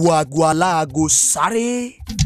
wo aago aláago sáré.